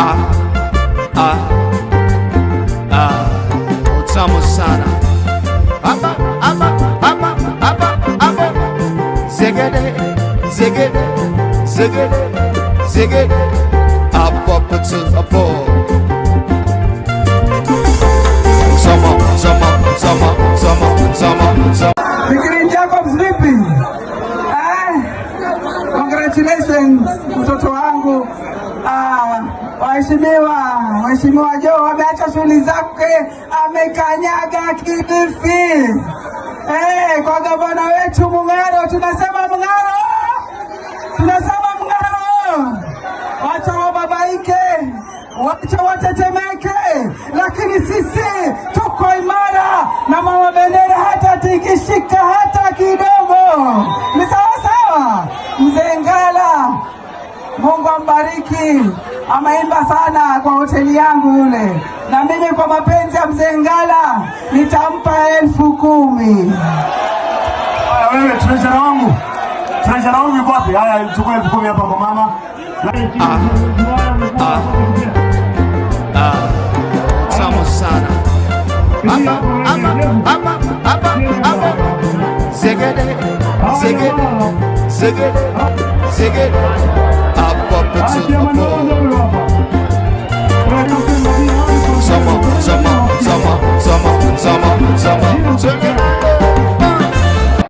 ah, ah, ah. Utamu sana ama, ama, ama, ama, ama. Zegede, zegede, zegede, zegede Up, up, up, up, Zama, zama, zama, zama, zama, zama Fikiri Jacobs eh, congratulations mtoto wangu ah, waheshimiwa Mheshimiwa Joho ameacha shughuli zake, amekanyaga Kilifi. Hey, eh, kwa gavana wetu Mung'aro, tunasema Mung'aro, tunasema Mung'aro, wacha wababaike, wacha watetemeke, lakini sisi tuko imara na mama bendera hata tikishika Mungu ambariki. Ameimba sana kwa hoteli yangu yule, na mimi kwa mapenzi ya mzee Ngala nitampa elfu kumi. Haya wewe, treasure wangu, treasure wangu yuko wapi? Haya, chukua elfu kumi hapa kwa mama. Ah, ah, ah. sana ama ama ama ama ama Master of